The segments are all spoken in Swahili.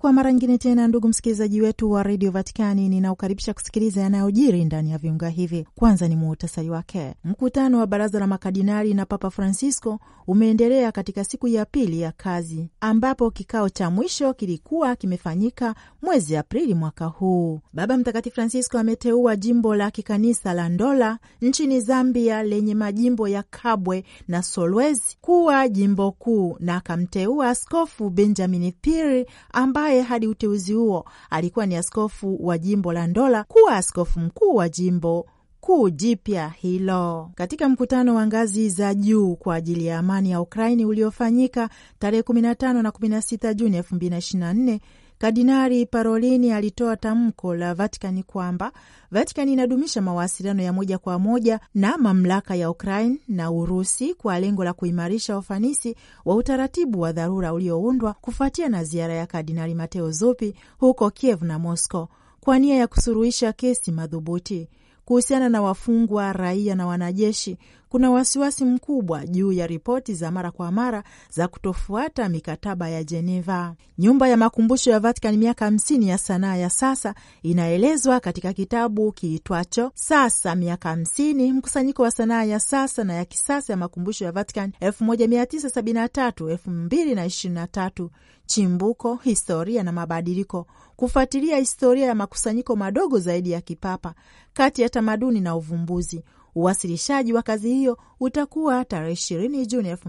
Kwa mara nyingine tena, ndugu msikilizaji wetu wa redio Vatikani, ninaukaribisha kusikiliza yanayojiri ndani ya viunga hivi. Kwanza ni muhutasari wake. Mkutano wa baraza la makardinali na Papa Francisco umeendelea katika siku ya pili ya kazi, ambapo kikao cha mwisho kilikuwa kimefanyika mwezi Aprili mwaka huu. Baba Mtakatifu Francisco ameteua jimbo la kikanisa la Ndola nchini Zambia lenye majimbo ya Kabwe na Solwezi kuwa jimbo kuu na akamteua Askofu Benjamin Piri ambaye ambaye hadi uteuzi huo alikuwa ni askofu wa jimbo la Ndola kuwa askofu mkuu wa jimbo kuu jipya hilo. Katika mkutano wa ngazi za juu kwa ajili ya amani ya Ukraini uliofanyika tarehe 15 na 16 Juni 2024 Kardinali Parolini alitoa tamko la Vatikani kwamba Vatikani inadumisha mawasiliano ya moja kwa moja na mamlaka ya Ukraine na Urusi kwa lengo la kuimarisha ufanisi wa utaratibu wa dharura ulioundwa kufuatia na ziara ya Kardinali Mateo Zuppi huko Kiev na Moscow kwa nia ya kusuruhisha kesi madhubuti kuhusiana na wafungwa raia na wanajeshi kuna wasiwasi mkubwa juu ya ripoti za mara kwa mara za kutofuata mikataba ya Jeneva. Nyumba ya makumbusho ya Vatican miaka hamsini ya sanaa ya sasa inaelezwa katika kitabu kiitwacho Sasa miaka hamsini, mkusanyiko wa sanaa ya sasa na ya kisasa ya makumbusho ya Vatican 1973 2023 chimbuko, historia na mabadiliko, kufuatilia historia ya makusanyiko madogo zaidi ya kipapa kati ya tamaduni na uvumbuzi Uwasilishaji wa kazi hiyo utakuwa tarehe ishirini Juni elfu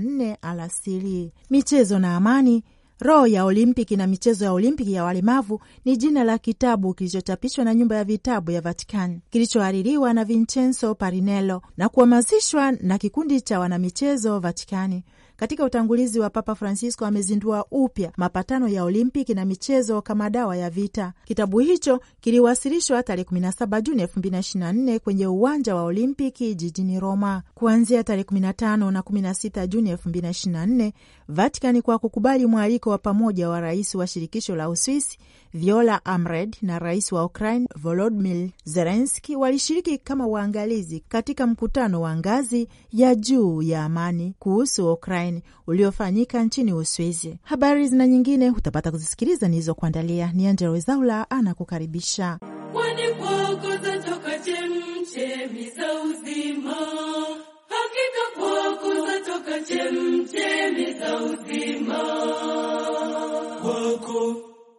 nne alasiri. Michezo na amani Roho ya Olimpiki na michezo ya Olimpiki ya walemavu ni jina la kitabu kilichochapishwa na nyumba ya vitabu ya Vatican kilichohaririwa na Vincenzo Parinello na kuhamasishwa na kikundi cha wanamichezo Vatikani. Katika utangulizi wa Papa Francisco amezindua upya mapatano ya Olimpiki na michezo kama dawa ya vita. Kitabu hicho kiliwasilishwa tarehe 17 Juni 2024 kwenye uwanja wa Olimpiki jijini Roma. Kuanzia tarehe 15 na 16 Juni 2024, Vatikani kwa kukubali mwaliko wa pamoja wa rais wa shirikisho la Uswisi Viola Amred na rais wa Ukraine Volodymyr Zelensky walishiriki kama waangalizi katika mkutano wa ngazi ya juu ya amani kuhusu Ukraine uliofanyika nchini Uswizi. Habari zina nyingine hutapata kuzisikiliza nilizokuandalia. Ni Angella Rwezaula anakukaribisha.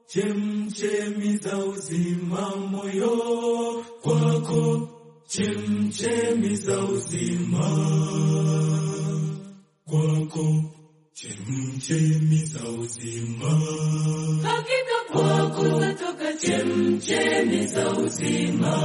chemchemi za uzima moyo kwako, chemchemi za uzima kwako, chemchemi za uzima hakika kwako natoka chemchemi za uzima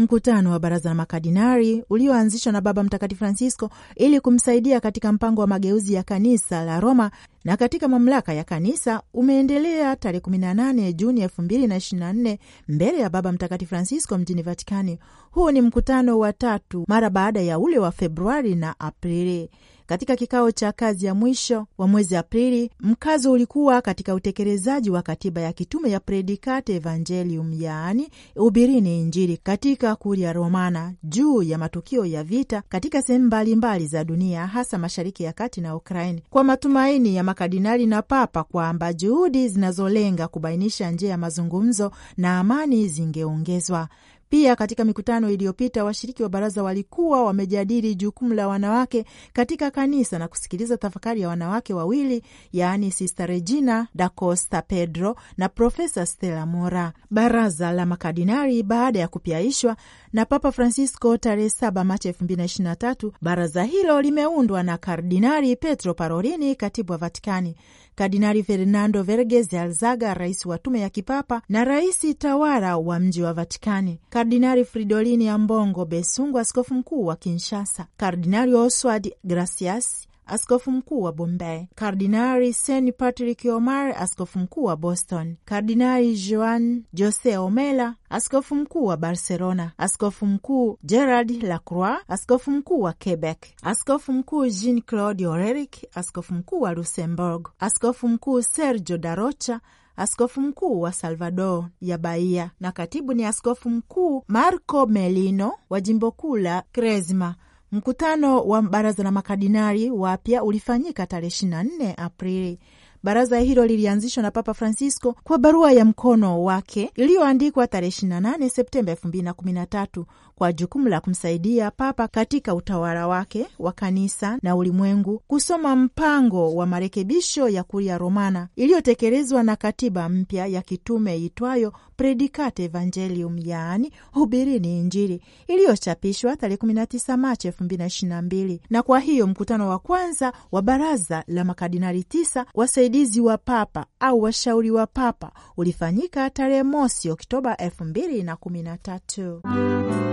Mkutano wa Baraza la Makardinali ulioanzishwa na Baba Mtakatifu Francisco ili kumsaidia katika mpango wa mageuzi ya kanisa la Roma na katika mamlaka ya kanisa umeendelea tarehe 18 Juni 2024 mbele ya Baba Mtakatifu Francisco mjini Vatikani. Huu ni mkutano wa tatu mara baada ya ule wa Februari na Aprili. Katika kikao cha kazi ya mwisho wa mwezi Aprili, mkazo ulikuwa katika utekelezaji wa katiba ya kitume ya Predikate Evangelium, yaani ubirini Injili katika Kuria Romana, juu ya matukio ya vita katika sehemu mbalimbali za dunia, hasa Mashariki ya Kati na Ukraini, kwa matumaini ya makardinali na Papa kwamba juhudi zinazolenga kubainisha njia ya mazungumzo na amani zingeongezwa. Pia katika mikutano iliyopita washiriki wa baraza walikuwa wamejadili jukumu la wanawake katika kanisa na kusikiliza tafakari ya wanawake wawili, yaani Sista Regina da Costa Pedro na Profesa Stella Mora. Baraza la makardinali baada ya kupiaishwa na Papa Francisco tarehe 7 Machi 2023, baraza hilo limeundwa na Kardinali Petro Parolini, katibu wa Vatikani Kardinali Fernando Verges Alzaga, rais wa tume ya kipapa na rais tawala wa mji wa Vatikani, Kardinali Fridolini Ambongo Besungu, askofu mkuu wa Kinshasa, Kardinali Oswald Gracias askofu mkuu wa Bombay, Kardinari Sen Patrick Omar, askofu mkuu wa Boston, Kardinari Joan Jose Omela, askofu mkuu wa Barcelona, askofu mkuu Gerard Lacroix, askofu mkuu wa Quebec, askofu mkuu Jean Claude Oreric, askofu mkuu wa Luxembourg, askofu mkuu Sergio Darocha, askofu mkuu wa Salvador ya Bahia, na katibu ni askofu mkuu Marco Melino wa jimbo kuu la Cresma Mkutano wa baraza la makardinali wapya ulifanyika tarehe 24 Aprili. Baraza hilo lilianzishwa na Papa Francisco kwa barua ya mkono wake iliyoandikwa tarehe 28 Septemba 2013 kwa jukumu la kumsaidia Papa katika utawala wake wa kanisa na ulimwengu, kusoma mpango wa marekebisho ya Kuria Romana iliyotekelezwa na katiba mpya ya kitume itwayo Predicate Evangelium, yaani hubirini Injili, iliyochapishwa tarehe 19 Machi 2022. Na kwa hiyo mkutano wa kwanza wa baraza la makardinali tisa wasaidizi wa Papa au washauri wa Papa ulifanyika tarehe mosi Oktoba 2013.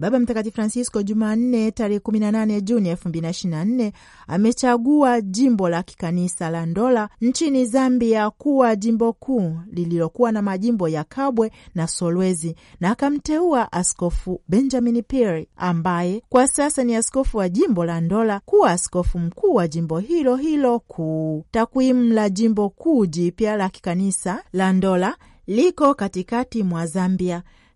Baba Mtakatifu Francisco Jumanne tarehe 18 Juni 2024 amechagua jimbo la kikanisa la Ndola nchini Zambia kuwa jimbo kuu lililokuwa na majimbo ya Kabwe na Solwezi na akamteua Askofu Benjamin Piri ambaye kwa sasa ni askofu wa jimbo la Ndola kuwa askofu mkuu wa jimbo hilo hilo kuu. Takwimu la jimbo kuu jipya la kikanisa la Ndola liko katikati mwa Zambia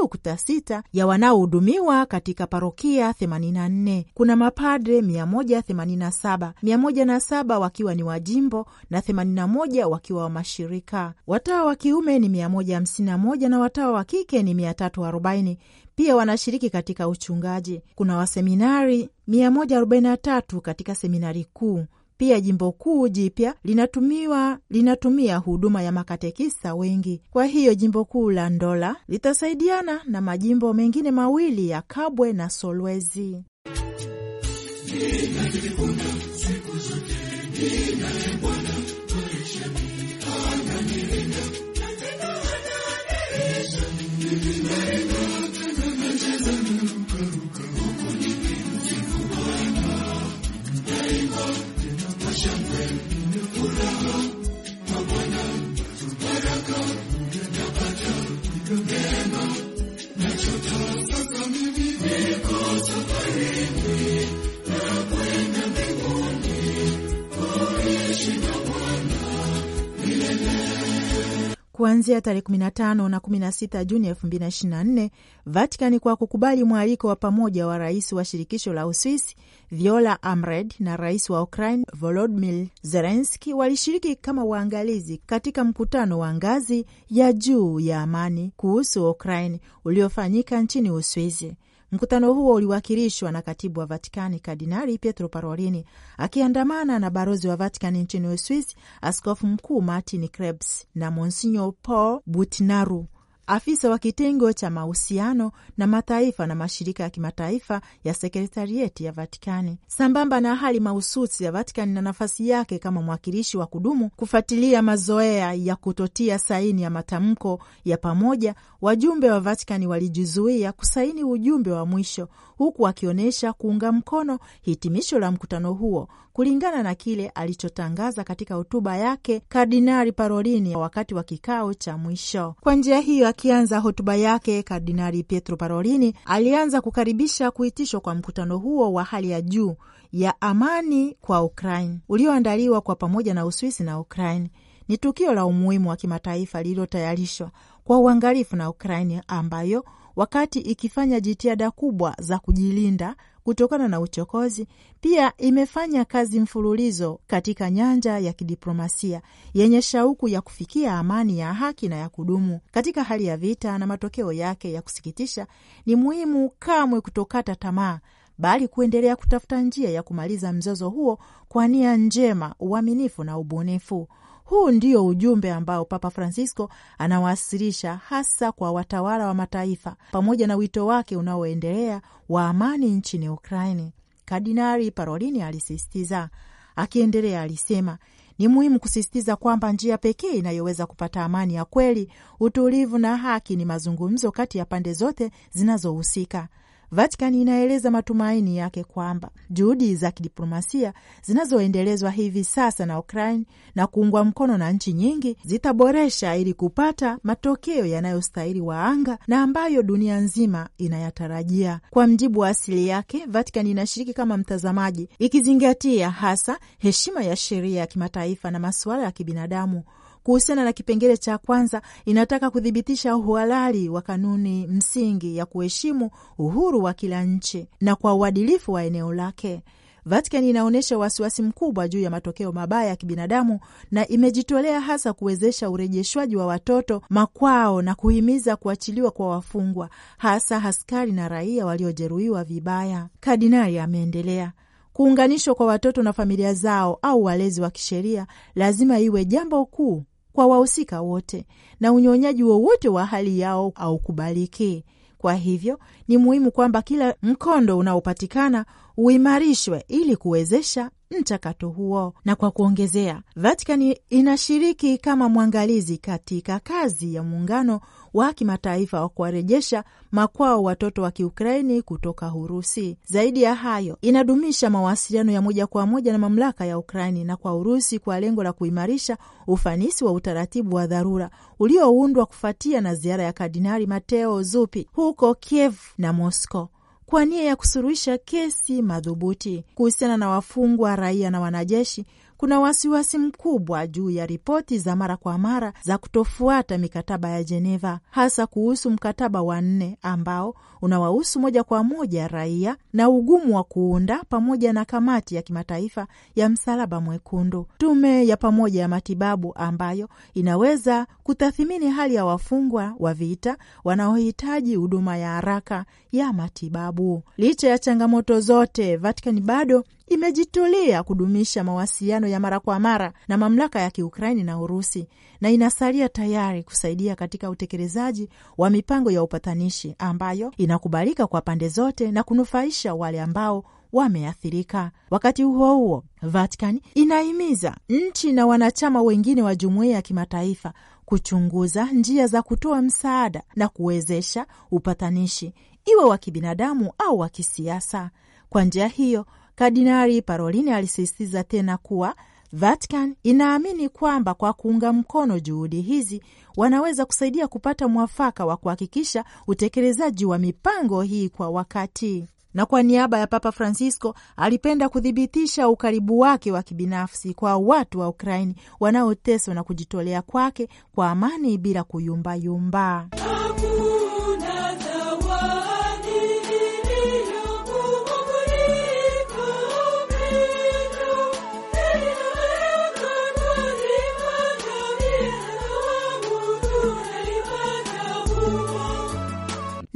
nukta sita ya wanaohudumiwa katika parokia 84. Kuna mapadre 187, 107 wakiwa ni wajimbo na 81 wakiwa wa mashirika. Watawa wa kiume ni 151 na watawa wa kike ni 340. Pia wanashiriki katika uchungaji. Kuna waseminari 143 katika seminari kuu pia jimbo kuu jipya linatumiwa linatumia huduma ya makatekisa wengi. Kwa hiyo jimbo kuu la Ndola litasaidiana na majimbo mengine mawili ya Kabwe na Solwezi. Together. kuanzia tarehe 15 na 16 Juni 2024 Vatikani kwa kukubali mwaliko wa pamoja wa rais wa shirikisho la Uswisi Viola Amred na rais wa Ukraine Volodimir Zelenski walishiriki kama waangalizi katika mkutano wa ngazi ya juu ya amani kuhusu Ukraine uliofanyika nchini Uswizi. Mkutano huo uliwakilishwa na katibu wa Vatikani Kardinali Pietro Parolini akiandamana na balozi wa Vatikani nchini Uswisi, askofu mkuu Martin Krebs na Monsignor Paul Butinaru Afisa wa kitengo cha mahusiano na mataifa na mashirika ya kimataifa ya sekretarieti ya Vatikani, sambamba na hali mahususi ya Vatikani na nafasi yake kama mwakilishi wa kudumu kufuatilia mazoea ya kutotia saini ya matamko ya pamoja, wajumbe wa Vatikani walijizuia kusaini ujumbe wa mwisho, huku wakionyesha kuunga mkono hitimisho la mkutano huo kulingana na kile alichotangaza katika hotuba yake Kardinali Parolini wakati wa kikao cha mwisho. Kwa njia hiyo, akianza hotuba yake, Kardinali Pietro Parolini alianza kukaribisha kuitishwa kwa mkutano huo wa hali ya juu ya amani kwa Ukraine ulioandaliwa kwa pamoja na Uswisi na Ukraine. Ni tukio la umuhimu wa kimataifa lililotayarishwa kwa uangalifu na Ukraine ambayo wakati ikifanya jitihada kubwa za kujilinda kutokana na uchokozi. Pia imefanya kazi mfululizo katika nyanja ya kidiplomasia yenye shauku ya kufikia amani ya haki na ya kudumu katika hali ya vita, na matokeo yake ya kusikitisha ni muhimu kamwe kutokata tamaa bali kuendelea kutafuta njia ya kumaliza mzozo huo kwa nia njema, uaminifu na ubunifu. Huu ndio ujumbe ambao Papa Francisco anawasilisha hasa kwa watawala wa mataifa, pamoja na wito wake unaoendelea wa amani nchini Ukraini. Kardinali Parolini alisisitiza. Akiendelea alisema ni muhimu kusisitiza kwamba njia pekee inayoweza kupata amani ya kweli, utulivu na haki ni mazungumzo kati ya pande zote zinazohusika. Vatican inaeleza matumaini yake kwamba juhudi za kidiplomasia zinazoendelezwa hivi sasa na Ukraine na kuungwa mkono na nchi nyingi zitaboresha ili kupata matokeo yanayostahili waanga na ambayo dunia nzima inayatarajia. Kwa mjibu wa asili yake, Vatican inashiriki kama mtazamaji, ikizingatia hasa heshima ya sheria ya kimataifa na masuala ya kibinadamu Kuhusiana na kipengele cha kwanza, inataka kuthibitisha uhalali wa kanuni msingi ya kuheshimu uhuru wa kila nchi na kwa uadilifu wa eneo lake. Vatican inaonyesha wasiwasi mkubwa juu ya matokeo mabaya ya kibinadamu na imejitolea hasa kuwezesha urejeshwaji wa watoto makwao na kuhimiza kuachiliwa kwa wafungwa, hasa askari na raia waliojeruhiwa vibaya. Kardinali ameendelea kuunganishwa kwa watoto na familia zao au walezi wa kisheria lazima iwe jambo kuu kwa wahusika wote na unyonyaji wowote wa hali yao haukubaliki. Kwa hivyo ni muhimu kwamba kila mkondo unaopatikana uimarishwe ili kuwezesha mchakato huo. Na kwa kuongezea, Vatikani inashiriki kama mwangalizi katika kazi ya muungano wa kimataifa wa kuwarejesha makwao watoto wa Kiukraini kutoka Urusi. Zaidi ya hayo, inadumisha mawasiliano ya moja kwa moja na mamlaka ya Ukraini na kwa Urusi kwa lengo la kuimarisha ufanisi wa utaratibu wa dharura ulioundwa kufuatia na ziara ya Kardinali Mateo Zuppi huko Kiev na Moscow kwa nia ya kusuluhisha kesi madhubuti kuhusiana na wafungwa raia na wanajeshi kuna wasiwasi mkubwa juu ya ripoti za mara kwa mara za kutofuata mikataba ya Jeneva, hasa kuhusu mkataba wa nne ambao unawahusu moja kwa moja raia na ugumu wa kuunda pamoja na kamati ya kimataifa ya Msalaba Mwekundu, tume ya pamoja ya matibabu ambayo inaweza kutathimini hali ya wafungwa wa vita wanaohitaji huduma ya haraka ya matibabu. Licha ya changamoto zote, Vatikani bado imejitolea kudumisha mawasiliano ya mara kwa mara na mamlaka ya Kiukraini na Urusi na inasalia tayari kusaidia katika utekelezaji wa mipango ya upatanishi ambayo inakubalika kwa pande zote na kunufaisha wale ambao wameathirika. Wakati huo huo, Vatican inahimiza nchi na wanachama wengine wa jumuiya ya kimataifa kuchunguza njia za kutoa msaada na kuwezesha upatanishi, iwe wa kibinadamu au wa kisiasa. Kwa njia hiyo Kardinali parolini alisisitiza tena kuwa Vatican inaamini kwamba kwa kuunga mkono juhudi hizi wanaweza kusaidia kupata mwafaka wa kuhakikisha utekelezaji wa mipango hii kwa wakati na kwa niaba ya Papa Francisco alipenda kuthibitisha ukaribu wake wa kibinafsi kwa watu wa Ukraini wanaoteswa na kujitolea kwake kwa amani bila kuyumbayumba.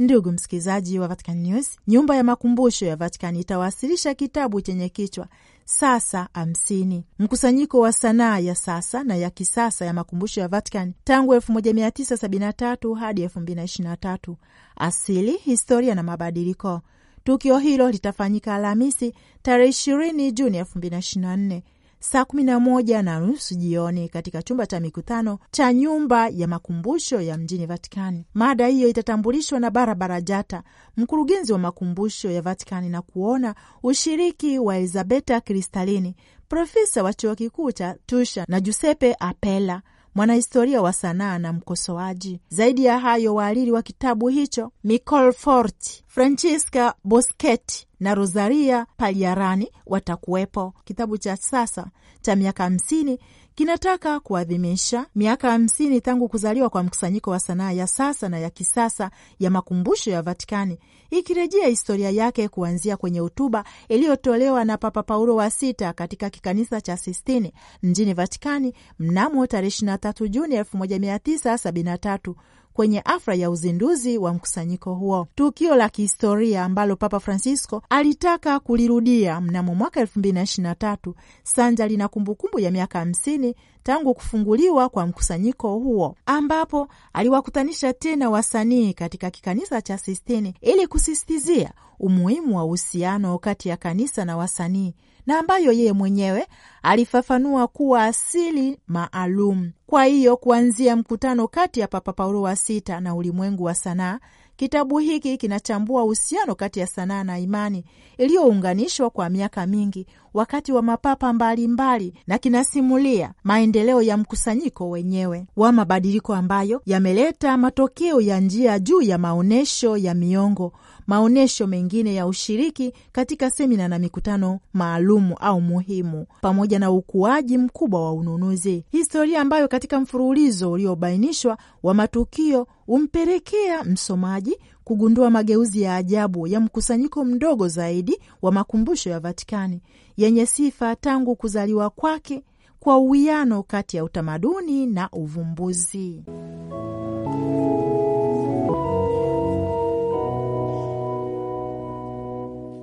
Ndugu msikilizaji wa Vatican News, nyumba ya makumbusho ya Vatican itawasilisha kitabu chenye kichwa sasa hamsini, mkusanyiko wa sanaa ya sasa na ya kisasa ya makumbusho ya Vatican tangu 1973 hadi 2023, asili, historia na mabadiliko. Tukio hilo litafanyika Alhamisi tarehe 20 Juni 2024 saa 11 na nusu jioni katika chumba cha mikutano cha nyumba ya makumbusho ya mjini Vatikani. Mada hiyo itatambulishwa na Barbara jata mkurugenzi wa makumbusho ya Vatikani, na kuona ushiriki wa Elizabeta Kristalini, profesa wa chuo kikuu cha Tusha, na Giuseppe Apella, mwanahistoria wa sanaa na mkosoaji. Zaidi ya hayo, waalili wa kitabu hicho Micol Forti, Francesca Boschetti na Rosaria Paliarani watakuwepo. Kitabu cha sasa cha miaka hamsini kinataka kuadhimisha miaka hamsini tangu kuzaliwa kwa mkusanyiko wa sanaa ya sasa na ya kisasa ya makumbusho ya Vatikani, ikirejea historia yake kuanzia kwenye hotuba iliyotolewa na Papa Paulo wa Sita katika kikanisa cha Sistini mjini Vatikani mnamo tarehe 23 Juni 1973 kwenye afra ya uzinduzi wa mkusanyiko huo, tukio la kihistoria ambalo Papa Francisco alitaka kulirudia mnamo mwaka elfu mbili na ishirini na tatu sanjali na kumbukumbu ya miaka hamsini tangu kufunguliwa kwa mkusanyiko huo, ambapo aliwakutanisha tena wasanii katika kikanisa cha Sistini ili kusisitizia umuhimu wa uhusiano kati ya kanisa na wasanii na ambayo yeye mwenyewe alifafanua kuwa asili maalum. Kwa hiyo kuanzia mkutano kati ya Papa Paulo wa sita na ulimwengu wa sanaa Kitabu hiki kinachambua uhusiano kati ya sanaa na imani iliyounganishwa kwa miaka mingi wakati wa mapapa mbalimbali mbali, na kinasimulia maendeleo ya mkusanyiko wenyewe wa mabadiliko ambayo yameleta matokeo ya njia juu ya maonyesho ya miongo maonyesho mengine ya ushiriki katika semina na mikutano maalum au muhimu, pamoja na ukuaji mkubwa wa ununuzi, historia ambayo katika mfululizo uliobainishwa wa matukio humpelekea msomaji kugundua mageuzi ya ajabu ya mkusanyiko mdogo zaidi wa makumbusho ya Vatikani yenye sifa tangu kuzaliwa kwake kwa uwiano kati ya utamaduni na uvumbuzi.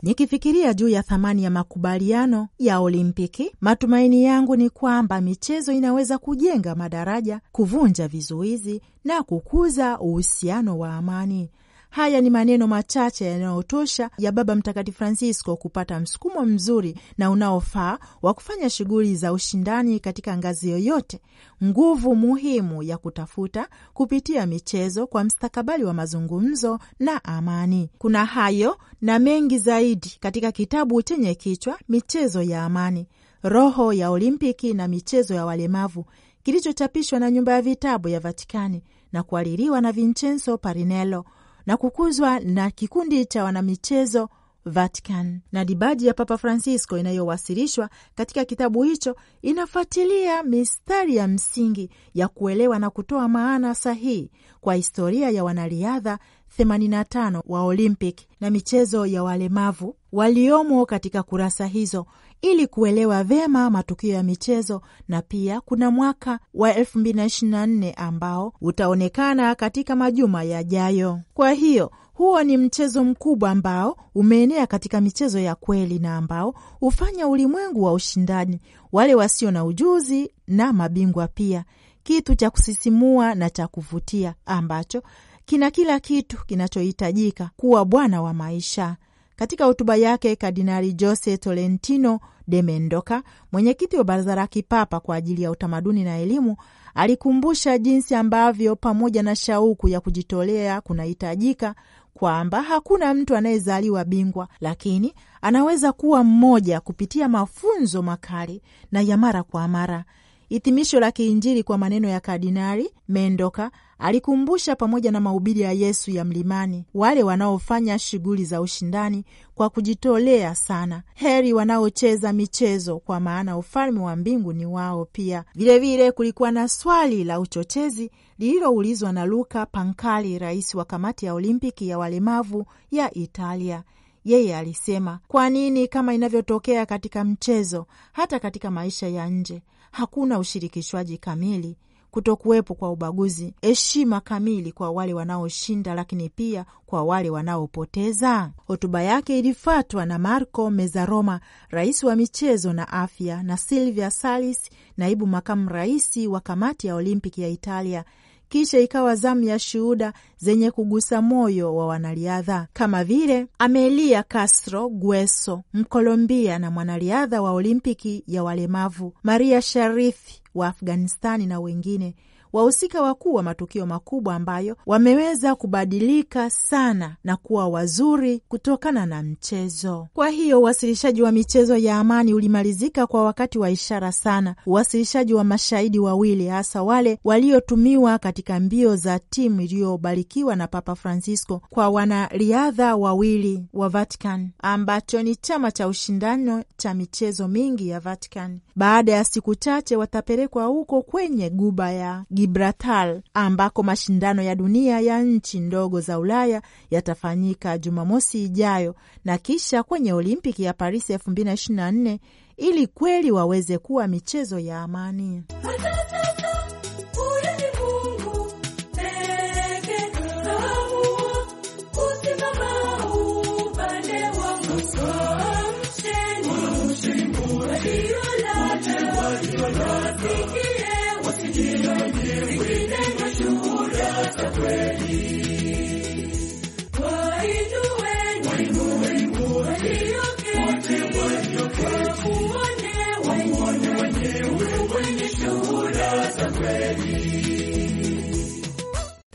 Nikifikiria juu ya thamani ya makubaliano ya Olimpiki, matumaini yangu ni kwamba michezo inaweza kujenga madaraja, kuvunja vizuizi na kukuza uhusiano wa amani. Haya ni maneno machache yanayotosha ya Baba Mtakatifu Francisco kupata msukumo mzuri na unaofaa wa kufanya shughuli za ushindani katika ngazi yoyote, nguvu muhimu ya kutafuta kupitia michezo kwa mstakabali wa mazungumzo na amani. Kuna hayo na mengi zaidi katika kitabu chenye kichwa Michezo ya Amani, roho ya Olimpiki na michezo ya walemavu kilichochapishwa na Nyumba ya Vitabu ya Vatikani na kuhaririwa na Vincenzo Parinello na kukuzwa na kikundi cha wanamichezo Vatican na dibaji ya Papa Francisco inayowasilishwa katika kitabu hicho inafuatilia mistari ya msingi ya kuelewa na kutoa maana sahihi kwa historia ya wanariadha 85 wa Olympic na michezo ya walemavu waliomo katika kurasa hizo ili kuelewa vyema matukio ya michezo, na pia kuna mwaka wa 2024 ambao utaonekana katika majuma yajayo. Kwa hiyo huo ni mchezo mkubwa ambao umeenea katika michezo ya kweli na ambao hufanya ulimwengu wa ushindani, wale wasio na ujuzi na mabingwa pia, kitu cha kusisimua na cha kuvutia ambacho kina kila kitu kinachohitajika kuwa bwana wa maisha. Katika hotuba yake, Kardinali Jose Tolentino de Mendoka, mwenyekiti wa Baraza la Kipapa kwa ajili ya utamaduni na elimu, alikumbusha jinsi ambavyo pamoja na shauku ya kujitolea kunahitajika kwamba hakuna mtu anayezaliwa bingwa, lakini anaweza kuwa mmoja kupitia mafunzo makali na ya mara kwa mara. Hitimisho la kiinjili kwa maneno ya Kardinali Mendoka Alikumbusha pamoja na mahubiri ya Yesu ya mlimani, wale wanaofanya shughuli za ushindani kwa kujitolea sana, heri wanaocheza michezo, kwa maana ufalme wa mbingu ni wao pia. Vilevile vile kulikuwa na swali la uchochezi lililoulizwa na Luka Pankali, rais wa kamati ya Olimpiki ya walemavu ya Italia. Yeye alisema, kwa nini kama inavyotokea katika mchezo, hata katika maisha ya nje hakuna ushirikishwaji kamili kutokuwepo kwa ubaguzi, heshima kamili kwa wale wanaoshinda, lakini pia kwa wale wanaopoteza. Hotuba yake ilifuatwa na Marco mezaroma rais wa michezo na afya, na Silvia Salis, naibu makamu rais wa kamati ya Olimpiki ya Italia. Kisha ikawa zamu ya shuhuda zenye kugusa moyo wa wanariadha kama vile Amelia Castro Gueso, Mkolombia na mwanariadha wa Olimpiki ya walemavu Maria Sharifi wa Afghanistani na wengine wahusika wakuu wa matukio makubwa ambayo wameweza kubadilika sana na kuwa wazuri kutokana na mchezo. Kwa hiyo uwasilishaji wa michezo ya amani ulimalizika kwa wakati wa ishara sana, uwasilishaji wa mashahidi wawili, hasa wale waliotumiwa katika mbio za timu iliyobarikiwa na Papa Francisco kwa wanariadha wawili wa Vatican, ambacho ni chama cha ushindano cha michezo mingi ya Vatican. Baada ya siku chache watapelekwa huko kwenye guba ya Gibraltar ambako mashindano ya dunia ya nchi ndogo za Ulaya yatafanyika Jumamosi ijayo na kisha kwenye Olimpiki ya Paris 2024 ili kweli waweze kuwa michezo ya amani.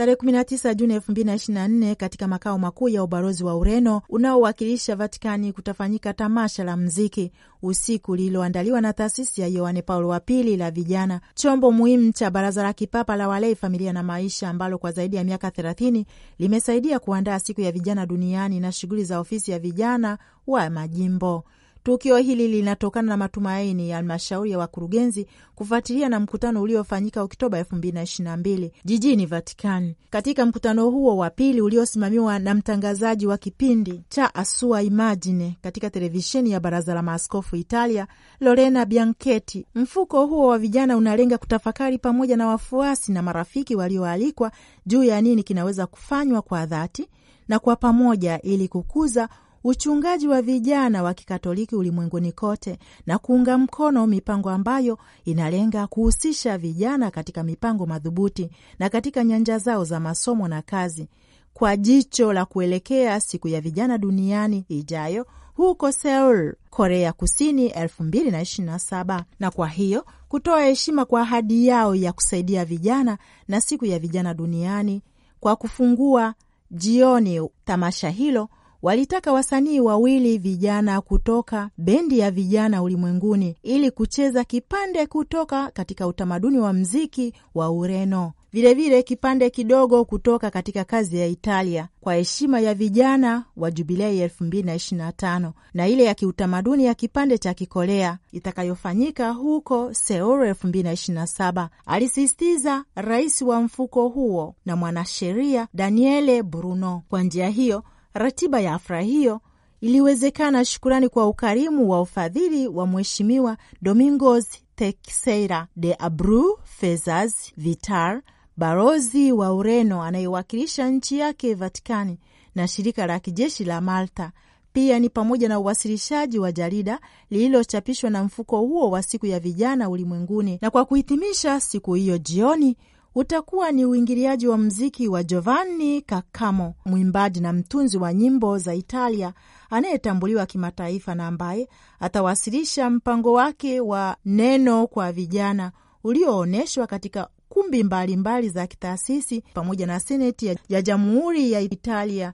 tarehe 19 Juni 2024 katika makao makuu ya ubalozi wa Ureno unaowakilisha Vatikani kutafanyika tamasha la mziki usiku lililoandaliwa na taasisi ya Yohane Paulo wa Pili la vijana, chombo muhimu cha Baraza la Kipapa la Walei, Familia na Maisha, ambalo kwa zaidi ya miaka 30 limesaidia kuandaa siku ya vijana duniani na shughuli za ofisi ya vijana wa majimbo. Tukio hili linatokana na matumaini ya halmashauri ya wakurugenzi kufuatilia na mkutano uliofanyika Oktoba elfu mbili na mbili jijini vaticani Katika mkutano huo wa pili uliosimamiwa na mtangazaji wa kipindi cha Asua Imagine katika televisheni ya Baraza la Maaskofu Italia, Lorena Bianchetti, mfuko huo wa vijana unalenga kutafakari pamoja na wafuasi na marafiki walioalikwa juu ya nini kinaweza kufanywa kwa dhati na kwa pamoja ili kukuza uchungaji wa vijana wa Kikatoliki ulimwenguni kote na kuunga mkono mipango ambayo inalenga kuhusisha vijana katika mipango madhubuti na katika nyanja zao za masomo na kazi kwa jicho la kuelekea siku ya vijana duniani ijayo huko Seoul, Korea Kusini 2027 na kwa hiyo kutoa heshima kwa ahadi yao ya kusaidia vijana na siku ya vijana duniani kwa kufungua jioni tamasha hilo walitaka wasanii wawili vijana kutoka bendi ya vijana ulimwenguni ili kucheza kipande kutoka katika utamaduni wa mziki wa Ureno vilevile vile kipande kidogo kutoka katika kazi ya Italia kwa heshima ya vijana wa Jubilei elfu mbili na na tano na ile ya kiutamaduni ya kipande cha Kikorea itakayofanyika huko Seoul elfu mbili na na saba alisisitiza rais wa mfuko huo na mwanasheria Daniele Bruno. Kwa njia hiyo Ratiba ya afra hiyo iliwezekana shukurani kwa ukarimu wa ufadhili wa Mheshimiwa Domingos Teixeira de Abreu Fezas Vitar, balozi wa Ureno anayewakilisha nchi yake Vatikani, na shirika la kijeshi la Malta. Pia ni pamoja na uwasilishaji wa jarida lililochapishwa na mfuko huo wa siku ya vijana ulimwenguni. Na kwa kuhitimisha siku hiyo jioni utakuwa ni uingiliaji wa mziki wa Giovanni Kakamo, mwimbaji na mtunzi wa nyimbo za Italia anayetambuliwa kimataifa na ambaye atawasilisha mpango wake wa neno kwa vijana ulioonyeshwa katika kumbi mbalimbali mbali za kitaasisi pamoja na seneti ya Jamhuri ya Italia,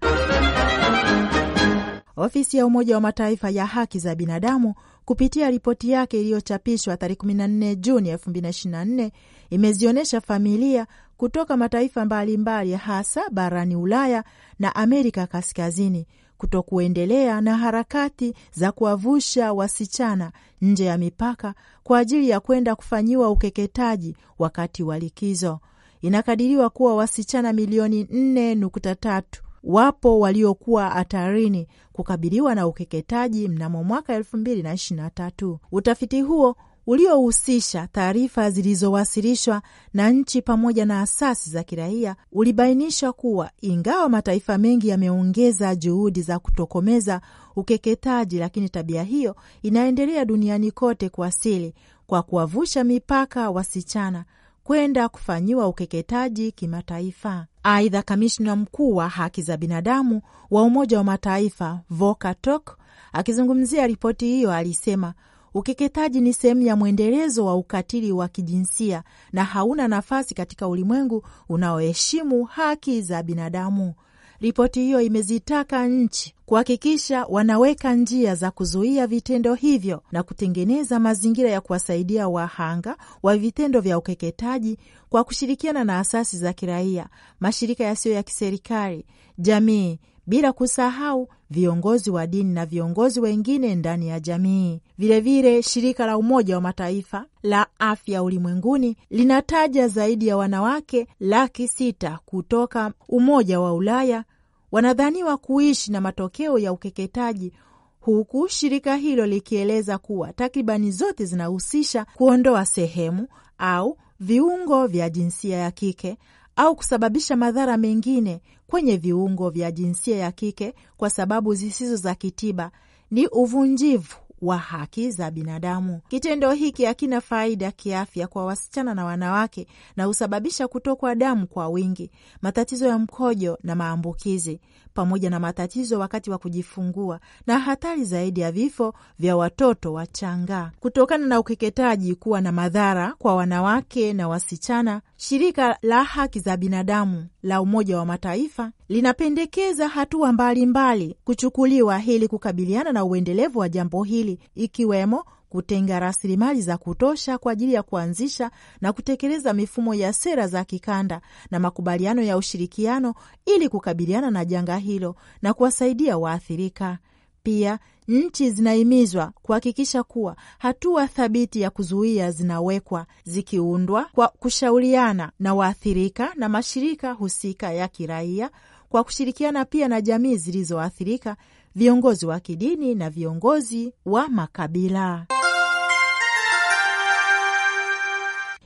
ofisi ya Umoja wa Mataifa ya haki za binadamu kupitia ripoti yake iliyochapishwa tarehe 14 Juni 2024 imezionyesha familia kutoka mataifa mbalimbali mbali hasa barani Ulaya na Amerika Kaskazini kutokuendelea na harakati za kuwavusha wasichana nje ya mipaka kwa ajili ya kwenda kufanyiwa ukeketaji wakati wa likizo. Inakadiriwa kuwa wasichana milioni 4.3 Wapo waliokuwa hatarini kukabiliwa na ukeketaji mnamo mwaka elfu mbili na ishirini na tatu. Utafiti huo uliohusisha taarifa zilizowasilishwa na nchi pamoja na asasi za kiraia ulibainisha kuwa ingawa mataifa mengi yameongeza juhudi za kutokomeza ukeketaji, lakini tabia hiyo inaendelea duniani kote kwa asili, kwa kuwavusha mipaka wasichana kwenda kufanyiwa ukeketaji kimataifa. Aidha, kamishna mkuu wa haki za binadamu wa Umoja wa Mataifa Volker Turk akizungumzia ripoti hiyo alisema ukeketaji ni sehemu ya mwendelezo wa ukatili wa kijinsia na hauna nafasi katika ulimwengu unaoheshimu haki za binadamu. Ripoti hiyo imezitaka nchi kuhakikisha wanaweka njia za kuzuia vitendo hivyo na kutengeneza mazingira ya kuwasaidia wahanga wa vitendo vya ukeketaji kwa kushirikiana na asasi za kiraia, mashirika yasiyo ya kiserikali, jamii, bila kusahau viongozi wa dini na viongozi wengine ndani ya jamii. Vilevile shirika la Umoja wa Mataifa la afya ulimwenguni linataja zaidi ya wanawake laki sita kutoka Umoja wa Ulaya wanadhaniwa kuishi na matokeo ya ukeketaji huku shirika hilo likieleza kuwa takribani zote zinahusisha kuondoa sehemu au viungo vya jinsia ya kike au kusababisha madhara mengine kwenye viungo vya jinsia ya kike kwa sababu zisizo za kitiba ni uvunjivu wa haki za binadamu. Kitendo hiki hakina faida kiafya kwa wasichana na wanawake na husababisha kutokwa damu kwa wingi, matatizo ya mkojo na maambukizi pamoja na matatizo wakati wa kujifungua na hatari zaidi ya vifo vya watoto wachanga kutokana na ukeketaji kuwa na madhara kwa wanawake na wasichana. Shirika la haki za binadamu la Umoja wa Mataifa linapendekeza hatua mbalimbali kuchukuliwa ili kukabiliana na uendelevu wa jambo hili ikiwemo kutenga rasilimali za kutosha kwa ajili ya kuanzisha na kutekeleza mifumo ya sera za kikanda na makubaliano ya ushirikiano ili kukabiliana na janga hilo na kuwasaidia waathirika. Pia nchi zinahimizwa kuhakikisha kuwa hatua thabiti ya kuzuia zinawekwa zikiundwa kwa kushauriana na waathirika na mashirika husika ya kiraia kwa kushirikiana pia na jamii zilizoathirika viongozi wa kidini na viongozi wa makabila.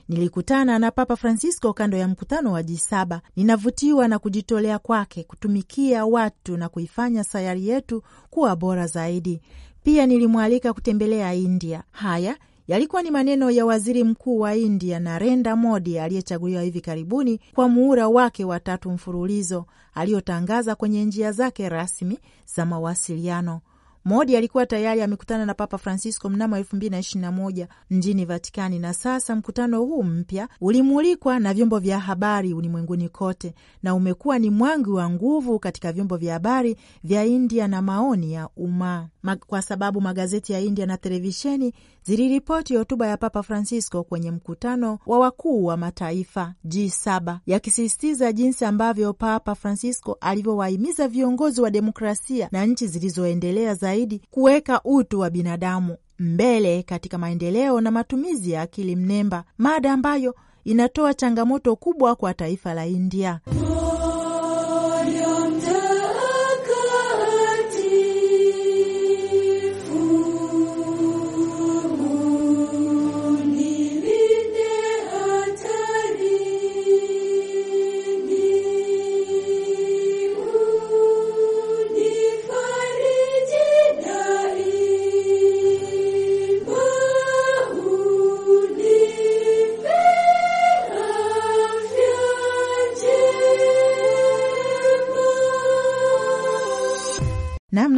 Nilikutana na Papa Francisco kando ya mkutano wa G7. Ninavutiwa na kujitolea kwake kutumikia watu na kuifanya sayari yetu kuwa bora zaidi. Pia nilimwalika kutembelea India. Haya Yalikuwa ni maneno ya waziri mkuu wa India Narendra Modi aliyechaguliwa hivi karibuni kwa muhula wake wa tatu mfululizo, aliyotangaza kwenye njia zake rasmi za mawasiliano. Modi alikuwa tayari amekutana na Papa Francisco mnamo 2021 mjini Vatikani, na sasa mkutano huu mpya ulimulikwa na vyombo vya habari ulimwenguni kote na umekuwa ni mwangi wa nguvu katika vyombo vya habari vya India na maoni ya umma kwa sababu magazeti ya India na televisheni ziliripoti hotuba ya Papa Francisco kwenye mkutano wa wakuu wa mataifa G7, yakisisitiza jinsi ambavyo Papa Francisco alivyowahimiza viongozi wa demokrasia na nchi zilizoendelea zaidi kuweka utu wa binadamu mbele katika maendeleo na matumizi ya akili mnemba, mada ambayo inatoa changamoto kubwa kwa taifa la India.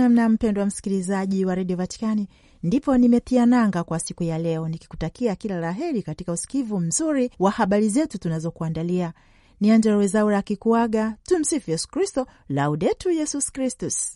namna mpendwa msikilizaji wa redio Vatikani, ndipo nimetia nanga kwa siku ya leo, nikikutakia kila la heri katika usikivu mzuri wa habari zetu tunazokuandalia. Ni Angela Wezaura akikuaga. Tumsifu Yesu Kristo, Laudetu Yesus Kristus.